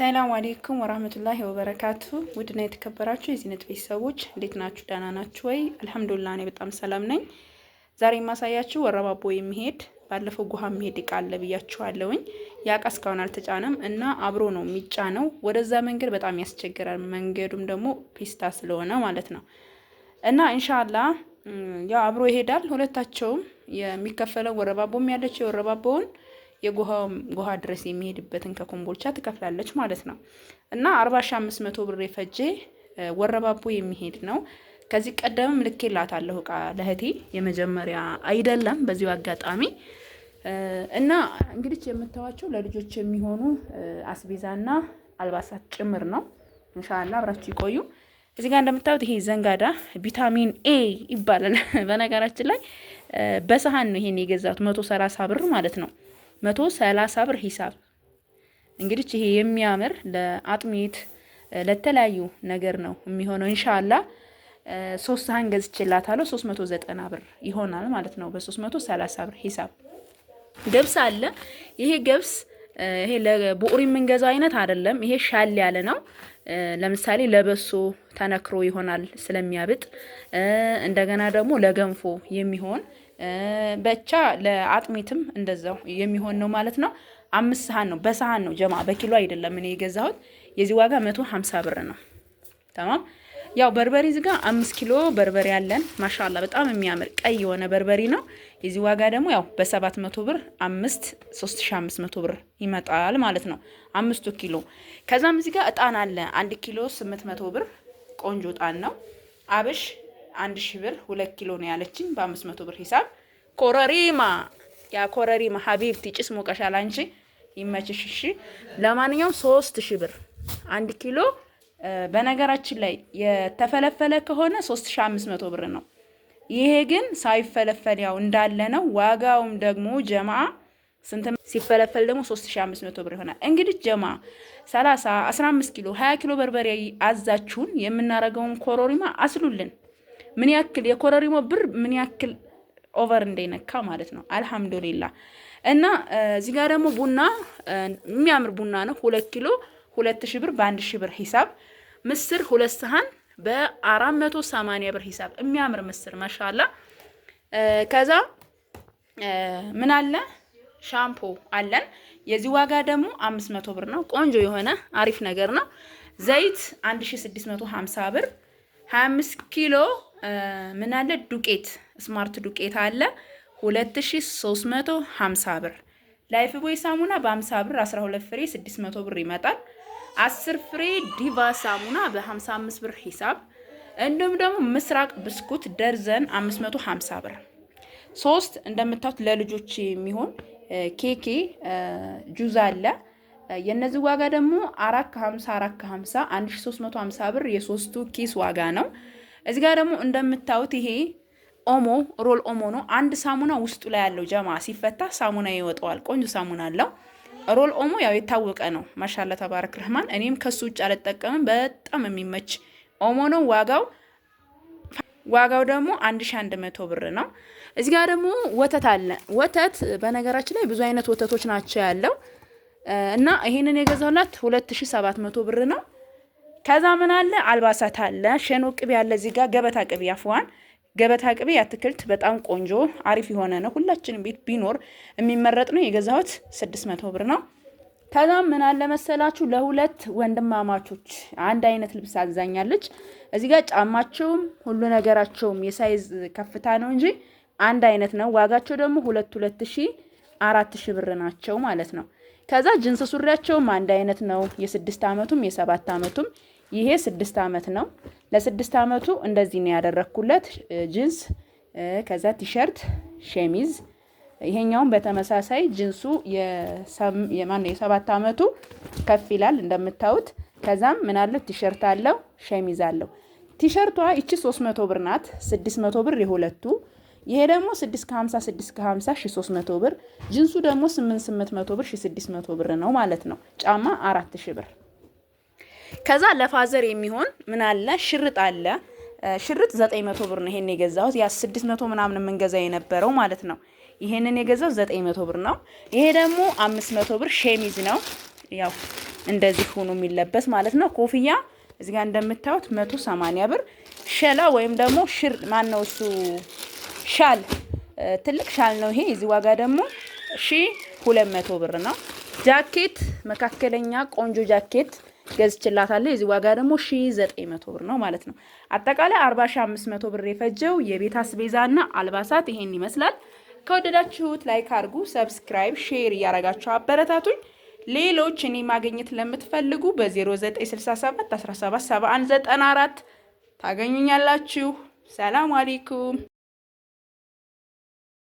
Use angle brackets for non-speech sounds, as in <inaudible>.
ሰላም አሌይኩም ወራህመቱላሂ ወበረካቱ። ውድና የተከበራችሁ የዚህነት ቤተሰቦች እንዴት ናችሁ? ደህና ናችሁ ወይ? አልሐምዱሊላህ እኔ በጣም ሰላም ነኝ። ዛሬ የማሳያችሁ ወረባቦ የሚሄድ ባለፈው ጉሃ የሚሄድ እቃ አለ ብያችኋለሁኝ። ያቃ እስካሁን አልተጫነም እና አብሮ ነው የሚጫነው። ወደዛ መንገድ በጣም ያስቸግራል። መንገዱም ደግሞ ፒስታ ስለሆነ ማለት ነው እና እንሻላ ያው አብሮ ይሄዳል። ሁለታቸውም የሚከፈለው ወረባቦም ያለችው የወረባቦውን የጎሃ ድረስ የሚሄድበትን ከኮምቦልቻ ትከፍላለች ማለት ነው። እና አርባ ሺ አምስት መቶ ብር የፈጀ ወረባቦ የሚሄድ ነው። ከዚህ ቀደምም ልኬላታለሁ እቃ ለእህቴ የመጀመሪያ አይደለም። በዚሁ አጋጣሚ እና እንግዲህ የምታዋቸው ለልጆች የሚሆኑ አስቤዛና አልባሳት ጭምር ነው። እንሻላ አብራችሁ ይቆዩ። እዚህ ጋር እንደምታዩት ይሄ ዘንጋዳ ቪታሚን ኤ ይባላል። <laughs> በነገራችን ላይ በሰሀን ነው ይሄን የገዛሁት መቶ ሰላሳ ብር ማለት ነው። መቶ ሰላሳ ብር ሂሳብ እንግዲህ ይሄ የሚያምር ለአጥሜት ለተለያዩ ነገር ነው የሚሆነው። ኢንሻአላ ሶስት ሳህን ገዝቼላታለሁ። 390 ብር ይሆናል ማለት ነው። በ330 ብር ሂሳብ ገብስ አለ። ይሄ ገብስ ይሄ ለቡቁሪ የምንገዛው አይነት አይደለም። ይሄ ሻል ያለ ነው። ለምሳሌ ለበሶ ተነክሮ ይሆናል ስለሚያብጥ። እንደገና ደግሞ ለገንፎ የሚሆን በቻ ለአጥሚትም እንደዛው የሚሆን ነው ማለት ነው። አምስት ሰሃን ነው በሰሃን ነው ጀማ፣ በኪሎ አይደለም እኔ የገዛሁት። የዚህ ዋጋ መቶ ሀምሳ ብር ነው። ተማም ያው በርበሬ እዚህ ጋር አምስት ኪሎ በርበሬ አለን። ማሻላ በጣም የሚያምር ቀይ የሆነ በርበሬ ነው። የዚህ ዋጋ ደግሞ ያው በሰባት መቶ ብር አምስት ሶስት ሺ አምስት መቶ ብር ይመጣል ማለት ነው አምስቱ ኪሎ። ከዛም እዚህ ጋር እጣን አለ አንድ ኪሎ ስምንት መቶ ብር ቆንጆ እጣን ነው። አብሽ አንድ ሺህ ብር ሁለት ኪሎ ነው ያለችኝ። በአምስት መቶ ብር ሂሳብ ኮረሪማ ያ ኮረሪማ ሀቢብቲ ጭስ ሞቀሻል አንቺ ይመችሽ። እሺ ለማንኛውም ሶስት ሺህ ብር አንድ ኪሎ። በነገራችን ላይ የተፈለፈለ ከሆነ ሶስት ሺ አምስት መቶ ብር ነው። ይሄ ግን ሳይፈለፈል ያው እንዳለ ነው። ዋጋውም ደግሞ ጀማ ስንት ሲፈለፈል ደግሞ 3500 ብር ይሆናል። እንግዲህ ጀማ 30፣ 15 ኪሎ፣ 20 ኪሎ በርበሬ አዛችሁን የምናረገውን ኮረሪማ አስሉልን። ምን ያክል የኮረሪሞ ብር ምን ያክል ኦቨር እንደነካ ማለት ነው። አልሐምዱሊላ እና እዚህ ጋር ደግሞ ቡና የሚያምር ቡና ነው። ሁለት ኪሎ ሁለት ሺ ብር በአንድ ሺ ብር ሂሳብ ምስር ሁለት ሰሀን በአራት መቶ ሰማንያ ብር ሂሳብ የሚያምር ምስር ማሻላ። ከዛ ምን አለ ሻምፖ አለን። የዚህ ዋጋ ደግሞ አምስት መቶ ብር ነው። ቆንጆ የሆነ አሪፍ ነገር ነው። ዘይት አንድ ሺ ስድስት መቶ ሀምሳ ብር ሀያ አምስት ኪሎ ምን አለ ዱቄት ስማርት ዱቄት አለ 2350 ብር። ላይፍ ቦይ ሳሙና በ50 ብር 12 ፍሬ 600 ብር ይመጣል። 10 ፍሬ ዲቫ ሳሙና በ55 ብር ሂሳብ እንዲሁም ደግሞ ምስራቅ ብስኩት ደርዘን 550 ብር። ሶስት እንደምታዩት ለልጆች የሚሆን ኬኬ ጁዝ አለ። የነዚህ ዋጋ ደግሞ 4 ከ50 4 ከ50 1350 ብር የሶስቱ ኪስ ዋጋ ነው። እዚህ ጋር ደግሞ እንደምታዩት ይሄ ኦሞ ሮል ኦሞ ነው። አንድ ሳሙና ውስጡ ላይ ያለው ጀማ ሲፈታ ሳሙና ይወጣዋል። ቆንጆ ሳሙና አለው። ሮል ኦሞ ያው የታወቀ ነው። ማሻላ ተባረክ ረህማን። እኔም ከሱ ውጭ አልጠቀምም። በጣም የሚመች ኦሞ ነው። ዋጋው ዋጋው ደግሞ 1100 ብር ነው። እዚህ ጋር ደግሞ ወተት አለ። ወተት በነገራችን ላይ ብዙ አይነት ወተቶች ናቸው ያለው እና ይሄንን የገዛሁላት 2700 ብር ነው። ከዛ ምን አለ አልባሳት አለ ሸኖ ቅቤ አለ እዚህ ጋር ገበታ ቅቤ አፍዋን ገበታ ቅቤ አትክልት በጣም ቆንጆ አሪፍ የሆነ ነው። ሁላችንም ቤት ቢኖር የሚመረጥ ነው። የገዛሁት ስድስት መቶ ብር ነው። ከዛም ምን አለ መሰላችሁ ለሁለት ወንድማማቾች አንድ አይነት ልብስ አዛኛለች። እዚህ ጋር ጫማቸውም ሁሉ ነገራቸውም የሳይዝ ከፍታ ነው እንጂ አንድ አይነት ነው። ዋጋቸው ደግሞ ሁለት ሁለት ሺ አራት ሺ ብር ናቸው ማለት ነው። ከዛ ጅንስ ሱሪያቸውም አንድ አይነት ነው። የስድስት አመቱም የሰባት አመቱም ይሄ ስድስት ዓመት ነው። ለስድስት ዓመቱ እንደዚህ ነው ያደረግኩለት ጅንስ፣ ከዛ ቲሸርት፣ ሸሚዝ። ይሄኛውም በተመሳሳይ ጅንሱ የማነው የሰባት ዓመቱ ከፍ ይላል እንደምታዩት። ከዛም ምናለው ቲሸርት አለው ሸሚዝ አለው። ቲሸርቷ ይቺ 300 ብር ናት። 600 ብር የሁለቱ ይሄ ደግሞ 650 650 1300 ብር። ጅንሱ ደግሞ 8800 ብር 1600 ብር ነው ማለት ነው። ጫማ 4000 ብር ከዛ ለፋዘር የሚሆን ምን አለ ሽርጥ አለ። ሽርጥ 900 ብር ነው። ይሄን የገዛሁት ያ 600 ምናምን የምንገዛ የነበረው ማለት ነው። ይሄንን የገዛው 900 ብር ነው። ይሄ ደግሞ 500 ብር ሸሚዝ ነው። ያው እንደዚህ ሆኖ የሚለበስ ማለት ነው። ኮፍያ እዚህ ጋር እንደምታዩት 180 ብር። ሸላ ወይም ደግሞ ሽር ማን ነው እሱ ሻል ትልቅ ሻል ነው ይሄ። እዚህ ዋጋ ደግሞ ሺ 200 ብር ነው። ጃኬት መካከለኛ ቆንጆ ጃኬት ገዝችላታለሁ። የዚህ ዋጋ ደግሞ መቶ ብር ነው ማለት ነው። አጠቃላይ አ05መቶ ብር የፈጀው የቤት አስቤዛ እና አልባሳት ይሄን ይመስላል። ከወደዳችሁት ላይክ አድርጉ፣ ሰብስክራይብ፣ ሼር እያረጋችሁ አበረታቱኝ። ሌሎች እኔ ማግኘት ለምትፈልጉ በ0967 177194 ታገኙኛላችሁ። ሰላም አሌይኩም